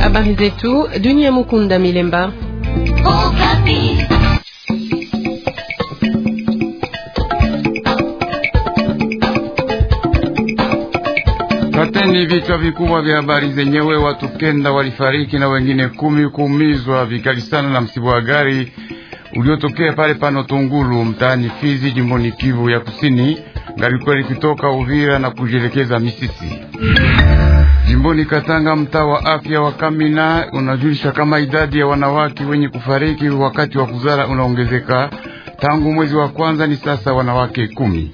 Habari zetu dunia. Mukunda Milemba. Okapi. Pateni vichwa vikubwa vya habari zenyewe. Watu kenda walifariki na wengine kumi kuumizwa vikali sana na msiba wa gari uliotokea pale pano Tungulu mtaani Fizi, jimboni Kivu ya Kusini ngalikuwa likitoka Uvira na kujielekeza Misisi. Jimboni Katanga, mtaa wa afya wa Kamina unajulisha kama idadi ya wanawake wenye kufariki wakati wa kuzara unaongezeka tangu mwezi wa kwanza, ni sasa wanawake kumi.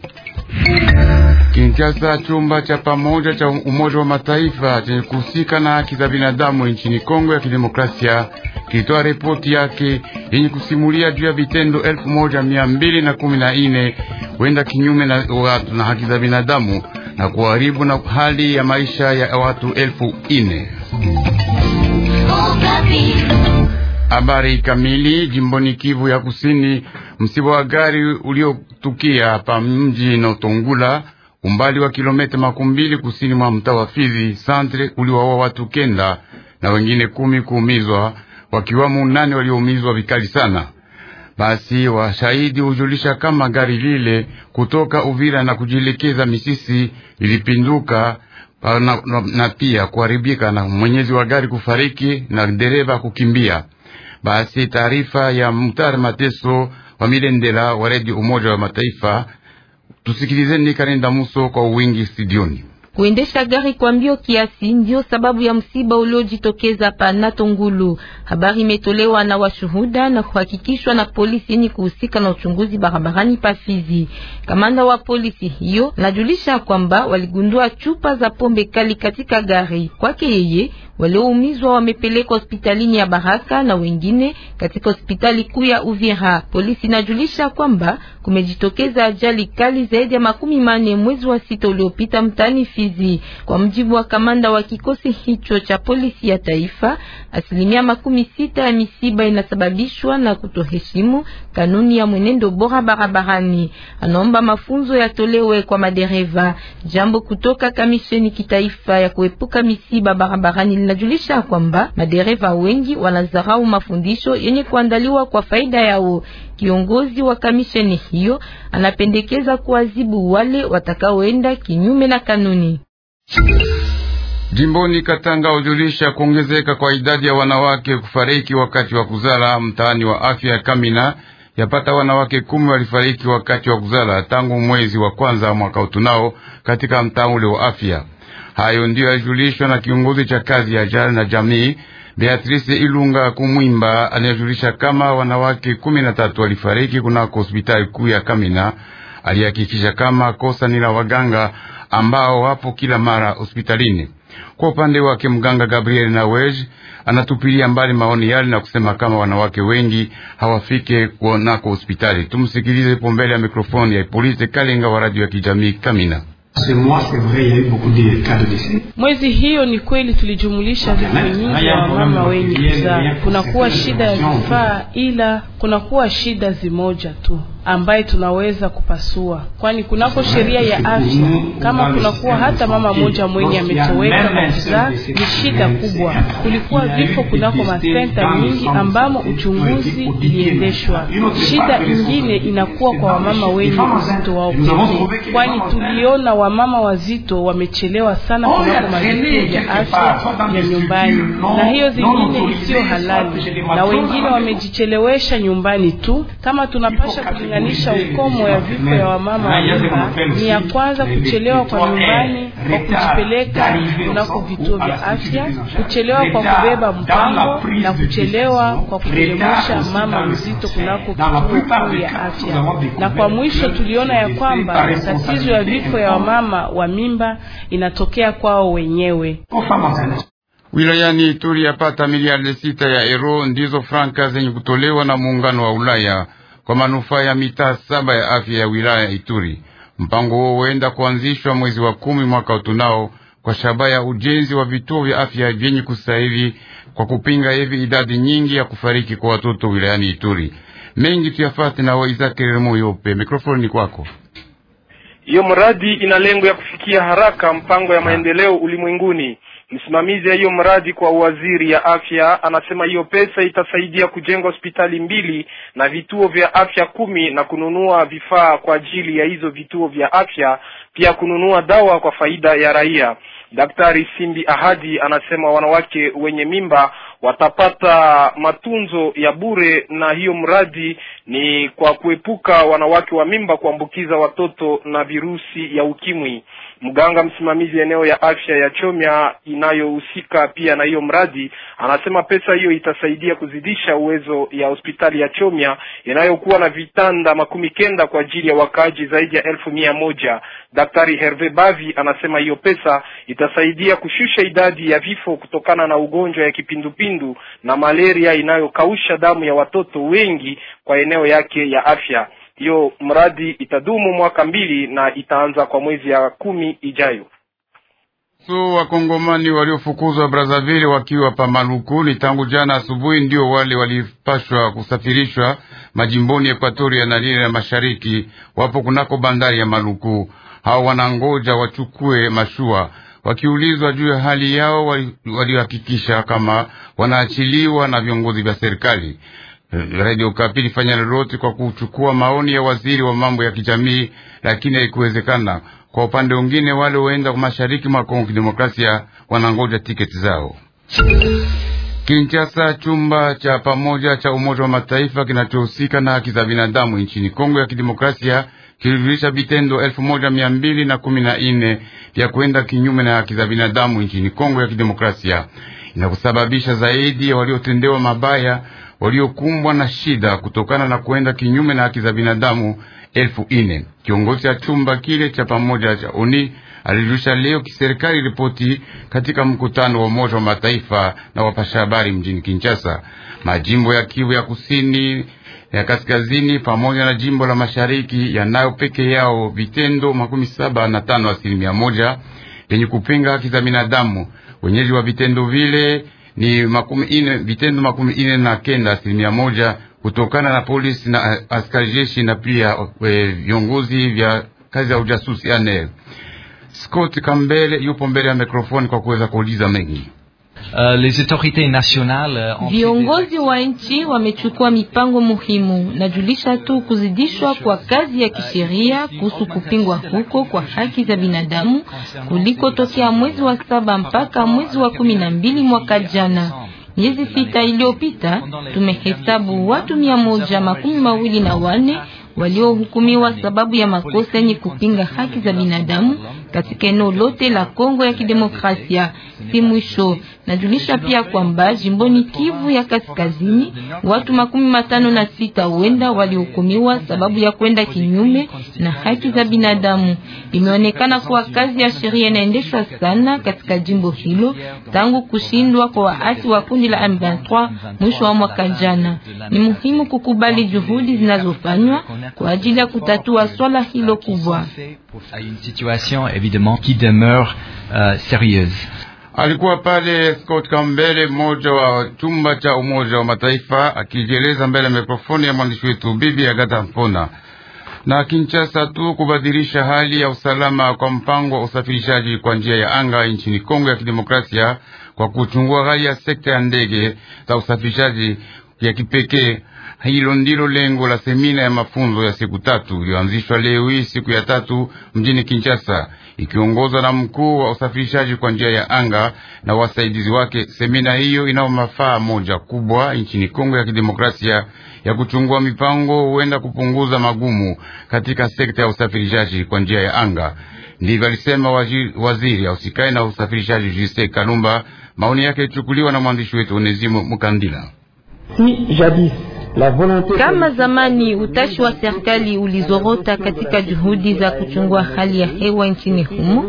Kinshasa, chumba cha pamoja cha Umoja wa Mataifa chenye kuhusika na haki za binadamu nchini Kongo ya Kidemokrasia kilitoa ripoti yake yenye kusimulia juu ya vitendo elfu moja mia mbili na kumi na wenda kinyume na watu na haki za binadamu na kuharibu na hali ya maisha ya watu elfu nne. Habari kamili jimboni Kivu ya Kusini. Msiba wa gari uliotukia hapa mji Notongula umbali wa kilomita makumi mbili kusini mwa mtaa wa Fizi Santre uliwaua watu kenda na wengine kumi kuumizwa wakiwamo nane walioumizwa vikali sana. Basi washahidi hujulisha kama gari lile kutoka Uvira na kujielekeza Misisi lilipinduka na, na, na pia kuharibika na mwenyezi wa gari kufariki na dereva kukimbia. Basi taarifa ya Mutare Mateso wa Milendela wa Redio Umoja wa Mataifa. Tusikilizeni karinda Muso kwa wingi studioni. Kuendesha gari kwa mbio kiasi ndio sababu ya msiba uliojitokeza pa Natongulu. Habari imetolewa na washuhuda na kuhakikishwa na polisi yenye kuhusika na uchunguzi barabarani Pafizi. Kamanda wa polisi hiyo najulisha kwamba waligundua chupa za pombe kali katika gari. Kwake yeye, walioumizwa wamepelekwa hospitalini ya Baraka na wengine katika hospitali kuu ya Uvira. Polisi inajulisha kwamba kumejitokeza ajali kali zaidi ya makumi manne mwezi wa sita uliopita mtani fi Fizi. Kwa mjibu wa kamanda wa kikosi hicho cha polisi ya taifa, asilimia makumi sita ya misiba inasababishwa na kutoheshimu kanuni ya mwenendo bora barabarani. Anaomba mafunzo yatolewe kwa madereva. Jambo kutoka kamisheni kitaifa ya kuepuka misiba barabarani linajulisha kwamba madereva wengi wanazarau mafundisho yenye kuandaliwa kwa faida yao. Kiongozi wa kamisheni hiyo anapendekeza kuadhibu wale watakaoenda kinyume na kanuni. Jimboni Katanga hujulisha kuongezeka kwa idadi ya wanawake kufariki wakati wa kuzala. Mtaani wa afya ya Kamina yapata wanawake kumi walifariki wakati wa kuzala tangu mwezi wa kwanza mwaka utunao katika mtaa ule wa afya. Hayo ndiyo yalijulishwa na kiongozi cha kazi ya jana na jamii Beatrice Ilunga Kumwimba anayejulisha kama wanawake kumi na tatu walifariki kunako hospitali kuu ya Kamina. Alihakikisha kama kosa ni la waganga ambao wapo kila mara hospitalini. Kwa upande wake mganga Gabriel Nawej anatupilia mbali maoni yale na kusema kama wanawake wengi hawafike kuonako hospitali. Tumsikilize po mbele ya mikrofoni ya ipolite Kalenga wa radio ya kijamii Kamina. Mwezi hiyo ni kweli tulijumulisha vifo nyingi ya wamama wenye kuzaa. Kunakuwa shida ya vifaa, ila kunakuwa shida zimoja tu ambaye tunaweza kupasua, kwani kunako sheria ya afya, kama kunakuwa hata mama moja mwenye ametoweka na kuzaa, ni shida kubwa. Kulikuwa vifo kunako masenta nyingi ambamo uchunguzi iliendeshwa. Shida ingine inakuwa kwa wamama wenye uzito wao pekee, kwani tuliona wamama wazito wamechelewa sana kunako mazito ya afya ya nyumbani, na hiyo zingine isiyo halali, na wengine wamejichelewesha nyumbani tu. Kama tunapasha kulinganisha ukomo ya vifo ya wamama wa ni ya kwanza kuchelewa kwa nyumbani kwa kujipeleka kunako vituo vya afya, kuchelewa kwa kubeba mpango na kuchelewa kwa kutelemsha mama mzito kunako kituo ya afya. Na kwa mwisho tuliona ya kwamba tatizo ya vifo ya wamama wa mimba inatokea kwao wenyewe. Wilayani Ituri yapata miliarde sita ya euro ndizo franka zenye kutolewa na muungano wa Ulaya kwa manufaa ya mitaa saba ya afya ya wilaya ya Ituri. Mpango huo huenda kuanzishwa mwezi wa kumi mwaka utunao kwa shabaha ya ujenzi wa vituo vya afya vyenye kustahili kwa kupinga hivi idadi nyingi ya kufariki kwa watoto wilayani Ituri. Mengi tuyafate na Waizakeremo Yope, mikrofoni ni kwako. Hiyo mradi ina lengo ya kufikia haraka mpango ya maendeleo ulimwenguni Msimamizi ya hiyo mradi kwa waziri ya afya anasema hiyo pesa itasaidia kujenga hospitali mbili na vituo vya afya kumi na kununua vifaa kwa ajili ya hizo vituo vya afya, pia kununua dawa kwa faida ya raia. Daktari Simbi Ahadi anasema wanawake wenye mimba watapata matunzo ya bure, na hiyo mradi ni kwa kuepuka wanawake wa mimba kuambukiza watoto na virusi ya ukimwi. Mganga msimamizi eneo ya afya ya Chomya inayohusika pia na hiyo mradi anasema pesa hiyo itasaidia kuzidisha uwezo ya hospitali ya Chomya inayokuwa na vitanda makumi kenda kwa ajili ya wakaaji zaidi ya elfu mia moja. Daktari Herve Bavi anasema hiyo pesa itasaidia kushusha idadi ya vifo kutokana na ugonjwa ya kipindupindu na malaria inayokausha damu ya watoto wengi kwa eneo yake ya afya. Hiyo mradi itadumu mwaka mbili na itaanza kwa mwezi ya kumi ijayo. So wakongomani waliofukuzwa Brazzaville wakiwa pa Maluku tangu jana asubuhi ndio wale walipashwa kusafirishwa majimboni Ekuatoria na lile la mashariki, wapo kunako bandari ya Maluku. Hao wanangoja wachukue mashua. Wakiulizwa juu ya hali yao, walihakikisha wali kama wanaachiliwa na viongozi vya serikali. Eh, Radio Kapi ilifanya lolote kwa kuchukua maoni ya waziri wa mambo ya kijamii, lakini haikuwezekana. Kwa upande mwingine, wale waenda mashariki mwa Kongo Kidemokrasia wanangoja tiketi zao. Kinshasa, chumba cha pamoja cha Umoja wa Mataifa kinachohusika na haki za binadamu nchini Kongo ya Kidemokrasia kilijulisha vitendo elfu moja mia mbili na kumi na nne vya kwenda kinyume na haki za binadamu nchini Kongo ya Kidemokrasia, inakusababisha zaidi ya waliotendewa mabaya waliokumbwa na shida kutokana na kwenda kinyume na haki za binadamu elfu ine. Kiongozi cha chumba kile cha pamoja cha uni alirusha leo kiserikali ripoti katika mkutano wa Umoja wa Mataifa na wapasha habari mjini Kinshasa. Majimbo ya Kivu ya kusini ya kaskazini pamoja na jimbo la mashariki yanayo peke yao vitendo makumi saba na tano asilimia moja yenye kupinga haki za binadamu. Wenyeji wa vitendo vile ni makumi ine, vitendo makumi ine na kenda asilimia moja kutokana na polisi na eh, askari jeshi na pia e, viongozi vya kazi ya ujasusi ANR. E Scott Campbell yupo mbele ya mikrofoni kwa kuweza kuuliza mengi. Euh, les autorités nationales euh, viongozi wa nchi wamechukua mipango muhimu. Najulisha tu kuzidishwa kwa kazi ya kisheria kuhusu kupingwa huko kwa haki za binadamu kuliko tokea mwezi wa saba mpaka mwezi wa kumi na mbili mwaka jana. Miezi sita iliyopita tumehesabu watu mia moja makumi mawili na wane waliohukumiwa sababu ya makosa yenye kupinga haki za binadamu katika eneo lote la Kongo ya Kidemokrasia. Si mwisho, najulisha pia kwamba jimboni Kivu ya Kaskazini watu makumi matano na sita huenda walihukumiwa sababu ya kwenda kinyume na haki za binadamu. Imeonekana kuwa kazi ya sheria inaendeshwa sana katika jimbo hilo tangu kushindwa kwa waasi wa kundi la M23 mwisho wa mwaka jana. Ni muhimu kukubali juhudi zinazofanywa kwa ajili ya kutatua swala hilo kubwa évidemment qui demeure euh, sérieuse. Alikuwa pale Scott Campbell, mmoja wa chumba cha Umoja wa Mataifa, akijieleza mbele ya mikrofoni ya mwandishi wetu Bibi Agata Mpona. Na Kinshasa tu kubadilisha hali ya usalama kwa mpango wa usafirishaji kwa njia ya anga nchini Kongo ya Kidemokrasia kwa kuchungua hali ya sekta ya ndege za usafirishaji ya kipekee hilo ndilo lengo la semina ya mafunzo ya siku tatu iliyoanzishwa leo hii siku ya tatu mjini Kinshasa, ikiongozwa na mkuu wa usafirishaji kwa njia ya anga na wasaidizi wake. Semina hiyo inayo mafaa moja kubwa nchini Kongo ya Kidemokrasia ya kuchungua mipango huenda kupunguza magumu katika sekta ya usafirishaji kwa njia ya anga. Ndivyo alisema waziri usikai na usafirishaji Jise Kalumba. Maoni yake ichukuliwa na mwandishi wetu Onesimo Mukandila. Si, jadi kama zamani, utashi wa serikali ulizorota katika juhudi za kuchungua hali ya hewa nchini humo,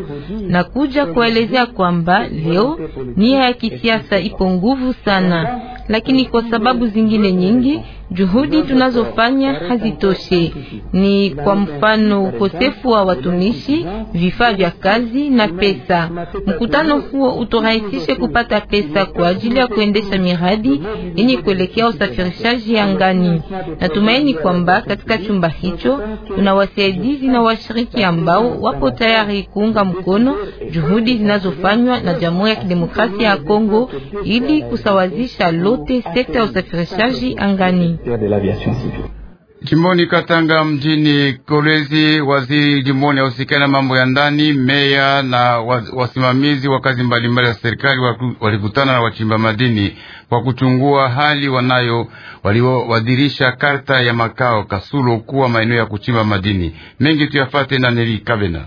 na kuja kuelezea kwamba leo nia ya kisiasa ipo nguvu sana, lakini kwa sababu zingine nyingi Juhudi tunazofanya hazitoshe. Ni kwa mfano ukosefu wa watumishi, vifaa vya kazi na pesa. Mkutano huo utorahisishe kupata pesa kwa ajili ya kuendesha miradi yenye kuelekea usafirishaji angani. Natumaini kwamba katika chumba hicho kuna wasaidizi na washiriki ambao wapo tayari kuunga mkono juhudi zinazofanywa na Jamhuri ya Kidemokrasia ya Kongo ili kusawazisha lote sekta ya usafirishaji angani ministère de l'aviation civile. Jimboni Katanga mjini Kolwezi, waziri jimboni ausikani na mambo ya ndani, meya na wasimamizi wa kazi mbalimbali za serikali walikutana na wachimba madini kwa kuchungua hali wanayo, waliowadirisha karta ya makao Kasulo kuwa maeneo ya kuchimba madini mengi. Tuyafate na Neli Kabena.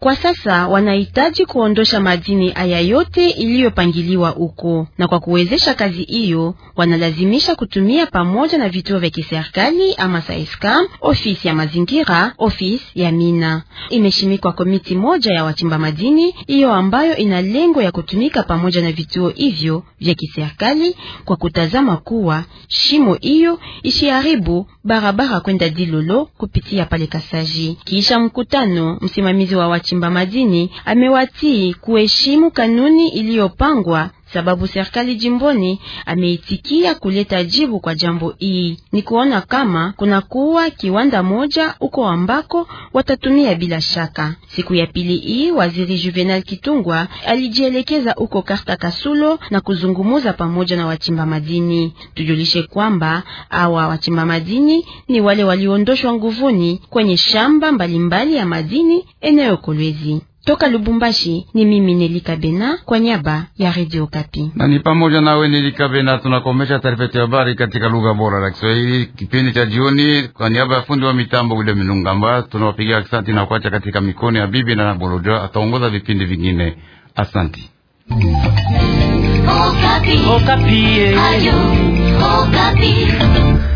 Kwa sasa wanahitaji kuondosha madini haya yote iliyopangiliwa huko, na kwa kuwezesha kazi hiyo wanalazimisha kutumia pamoja na vituo vya kiserikali ama Saescam, ofisi ya mazingira, ofisi ya mina. Imeshimikwa komiti moja ya wachimba madini hiyo ambayo ina lengo ya kutumika pamoja na vituo hivyo vya kiserikali kwa kutazama kuwa shimo hiyo ishiharibu barabara kwenda Dilolo kupitia pale Kasaji. Kisha mkutano, msimamizi wa wachimba madini amewatii kuheshimu kanuni iliyopangwa sababu serikali jimboni ameitikia kuleta jibu kwa jambo hii. Ni kuona kama kuna kuwa kiwanda moja uko ambako watatumia bila shaka. Siku ya pili hii, waziri Juvenal Kitungwa alijielekeza uko Karta Kasulo na kuzungumuza pamoja na wachimba madini. Tujulishe kwamba awa wachimba madini ni wale waliondoshwa nguvuni kwenye shamba mbalimbali mbali ya madini eneo Kolwezi. Toka Lubumbashi ni mimi Nelika Bena kwa niaba ya Radio Kapi. Na ni pamoja nawe Nelika Bena, tunakomesha taarifa ya habari katika lugha bora la Kiswahili kipindi cha jioni. Kwa niaba ya fundi wa mitambo ule Minungamba, tunawapigia asante na kuacha katika mikono ya bibi na Nabolojo ataongoza vipindi vingine. Asanti Okapi. Okapi. Eh. Ayo, Okapi.